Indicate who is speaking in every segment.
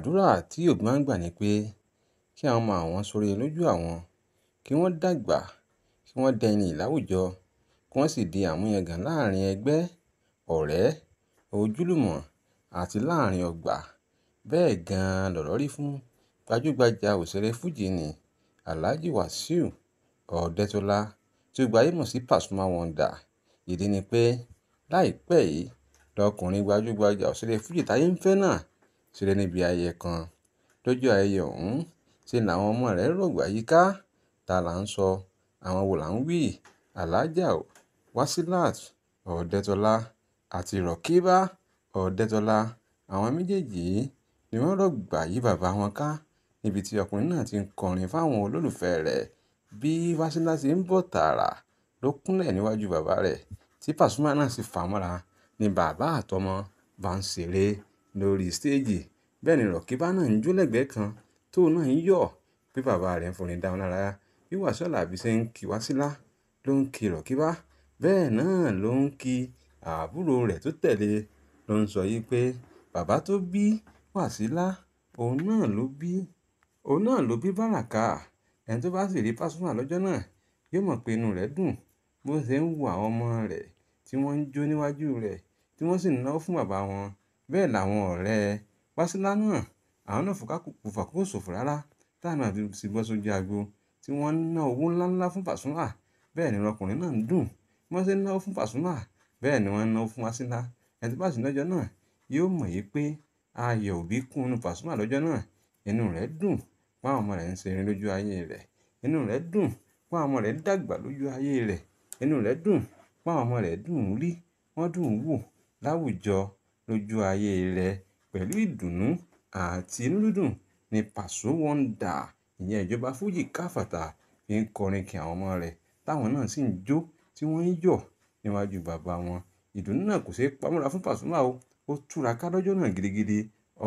Speaker 1: Àdúrà tí òbí máa ń gbà ni pé kí àwọn ọmọ àwọn ṣoore lójú àwọn, kí wọ́n dàgbà, kí wọ́n dẹni láwùjọ, kí wọ́n sì di àmúyangàn láàárín ẹgbẹ́, ọ̀rẹ́, ojúlùmọ̀ àti láàárín ọgbà. Bẹ́ẹ̀ gan-an lọ̀rọ̀ rí fún gbajúgbajà òṣèré Fuji nì Alhaji Wasiu Ọ̀dẹ́tọ́lá tí gbogbo ayé mọ̀ sí Pasuma Wonder. Ìdí ni pé láìpẹ́ yìí lọkùnrin gbajúgbajà òṣèré Fuji táyé ń fẹ́ náà ṣeré níbi ayẹyẹ kan. Lójú ayẹyẹ ọ̀hún, ṣe làwọn ọmọ rẹ̀ rògbò àyíká. Ta là ń sọ? Àwọn wo là ń wí? Alhaja Wasilat Ọ̀dẹ́tọ́lá àti Rọ̀kíbà Ọ̀dẹ́tọ́lá. Àwọn méjèèjì ni wọ́n rògbò àyí bàbá wọn ká níbi tí ọkùnrin náà ti ń kọrin fáwọn olólùfẹ́ rẹ̀. Bí Wasila ṣe ń bọ̀ tààrà ló kúnlẹ̀ níwájú bàbá rẹ̀, tí Pasuma náà sì fàá ni bàbá àtọmọ bá ń ṣeré lórí stéèjì bẹ́ẹ̀ ni Rọ̀kíbá náà ń jó lẹ́gbẹ̀ẹ́ kan tóun náà ń yọ̀ bí bàbá rẹ̀ ń forin dáhùn lára bí Wasiu Alabi ṣe ń kí Wasila ló ń kí Rọ̀kíbá bẹ́ẹ̀ náà ló ń kí àbúrò rẹ̀ tó tẹ̀lé ló ń sọ yìí pé bàbá tó bí Wasila òun náà ló bí òun náà ló bí Bàràká ẹni tó bá sì rí Pasuma lọ́jọ́ náà yóò mọ̀ pé inú rẹ̀ dùn bó ṣe ń wo àwọn ọmọ rẹ̀ tí wọ́n ń jó níwájú rẹ̀ tí wọ́n sì ń náwó fún bàbá wọn Bẹ́ẹ̀ làwọn ọ̀rẹ́ Wáṣílà náà, àwọn náà kò fàkókò ṣòfò rárá táwọn náà fi bọ́ sójú agbo, tí wọ́n ń ná owó ńláńlá fún Pasuma. Bẹ́ẹ̀ ni ọkùnrin náà ń dùn. Bí wọ́n ṣe ń ná owó fún Pasuma, bẹ́ẹ̀ ni wọ́n ń ná owó fún Wáṣílà. Ẹni tí ó bá sì lọ́jọ́ náà yóò mọ̀ wípé ayọ̀ òbí kún inú Pasuma lọ́jọ́ náà. Inú rẹ̀ dùn pé àwọn ọmọ rẹ̀ ń ṣe rere lójú ayé rẹ̀. Inú rẹ̀ dùn pé àwọn ọmọ rẹ̀ dàgbà lójú ayé rẹ̀. Inú rẹ̀ dùn pé ọmọ rẹ̀ dùn rí, wọ́n dùn wò láwùjọ lójú ayé rẹ̀ pẹ̀lú ìdùnnú àti inúdídùn ni Paso Wonder ìyẹn ìjọba Fuji káfàtà fi ń kọrin kí àwọn ọmọ rẹ̀ táwọn náà sì ń jó tí wọ́n ń yọ̀ níwájú bàbá wọn. Ìdùnnú náà kò ṣeé pamọ́ra fún Pasuma o, ó túra ká náà gidigidi.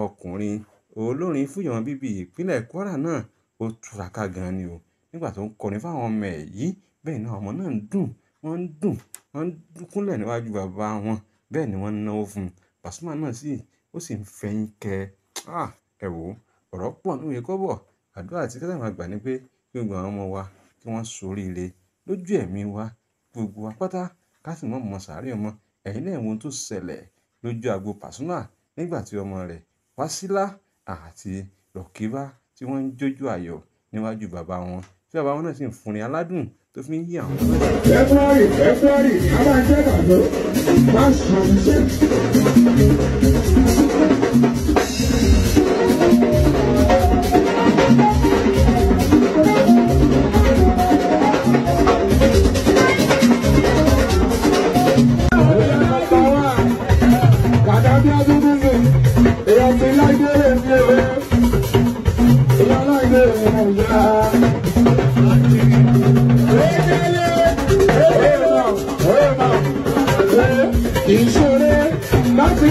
Speaker 1: Ọkùnrin olórin Fújì bíbí ìpínlẹ̀ Kwara náà ó túra ká gan ni o nígbà tó ń kọrin fún ọmọ ẹ̀ yìí. Bẹ́ẹ̀ ni ọmọ náà ń dùn, wọ́n ń dùn, wọ́n ń dùnkúnlẹ̀ níwájú bàbá wọn, bẹ́ẹ̀ ni wọ́n náwó fún un. Pasuma náà sì, ó sì ń fẹ̀yìn kẹ. Ah! Ẹ wò ó, ọ̀rọ̀ pọ̀ nínú ìwé kọ́bọ̀. Àdúrà tí káṣá máa gbà ni pé kí gbogbo àwọn ọmọ wa kí wọ́n ṣoríire lójú ẹ̀mí wa, gbogbo wa pátá ká sì mọ̀ mọ̀ sàárè ọmọ. Ẹ̀yin náà wo ohun tó ṣẹlẹ̀ lójú agbo Pasuma nígbà tí ọmọ rẹ̀ Wasila àti Rọ̀kíbà tí wọ́n ń jójó ayọ̀ níwájú bàbá wọn, tí bàbá wọn náà sì ń fúnni aládùn. dürfen wir hier haben.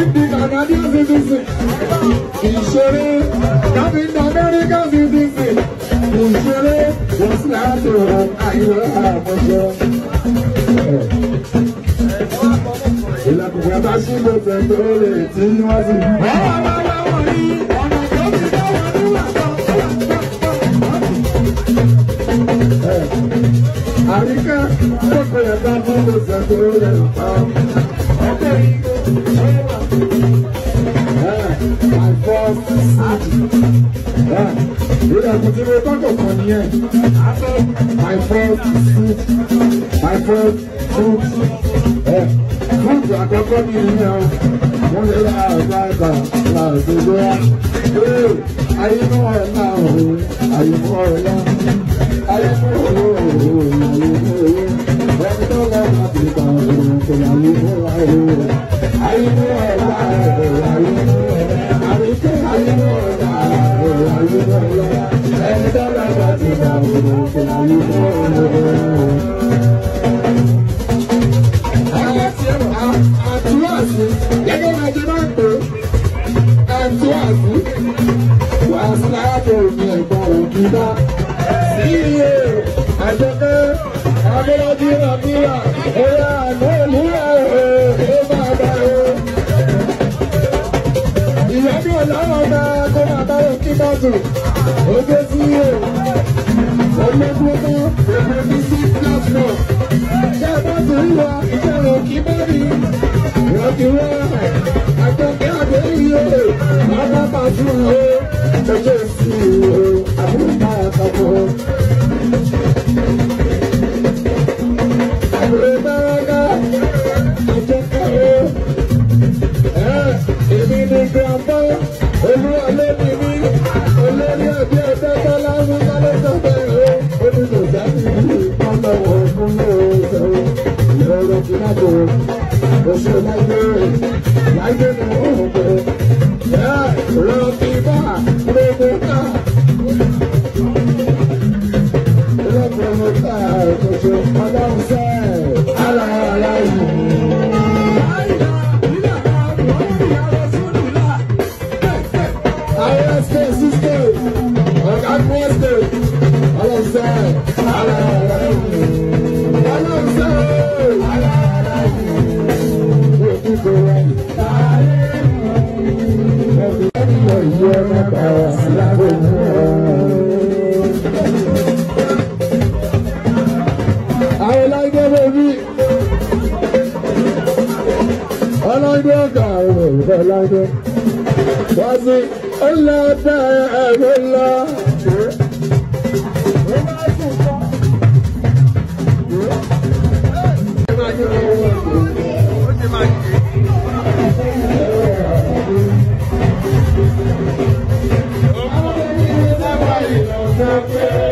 Speaker 2: fifty Canadian citizen. Ìṣeré káfíńtì Amẹ́ríkà citizen. Ìṣeré wọ́n sì láti rọ̀ àyíwá àmọ́jọ́. Ìlàkùnkùn yàtọ̀ sí gbogbo ẹ̀tọ́ lè tí wọ́n sì. Wọ́n wá wá láwọn rí ọ̀nà tó ti dá wọn níwà kan. Àríkà gbogbo ẹ̀tọ́ fún gbogbo ẹ̀tọ́ lè pa. Ah, lórí ẹ̀kún tí mo tọ́jọ̀ kan nìyẹn my friend fruit my friend fruit eh, fruit àkọ́kọ́ ní ìyá eh, wọ́n lè ra ọ̀gá ẹ̀ka ra òṣèlú ẹ̀ ayémọ́ ẹ̀ náà ò ayémọ́ now. náà ayémọ́ ẹ̀ náà ò ayémọ́ ẹ̀ náà ẹni tó lọ́ọ́ máa ti gbà ọ̀rọ̀ kò láyémọ́ ẹ̀ náà ayémọ́ ẹ̀ náà ayémọ́ ẹ̀ náà ayémọ́ ẹ̀ náà. Àjọkẹ́ Abọ́lájí Ràbíyà, ẹ̀yà àná ìlú ẹ̀ ẹ̀ ẹ̀ bá. ọlọ́run bá gómà táwọn kíkọ́tù ó gbé sí o ó lé gbogbo èmi ní sí platform. Yeah, Rocky Bar, ẹnìyọ yìí ẹ má bá wa sí lábẹ́ òun ọ̀. àwọn lágbẹ́ bẹ́ẹ̀ bí ọlọ́gbẹ́ ọ̀gá Deus não quer.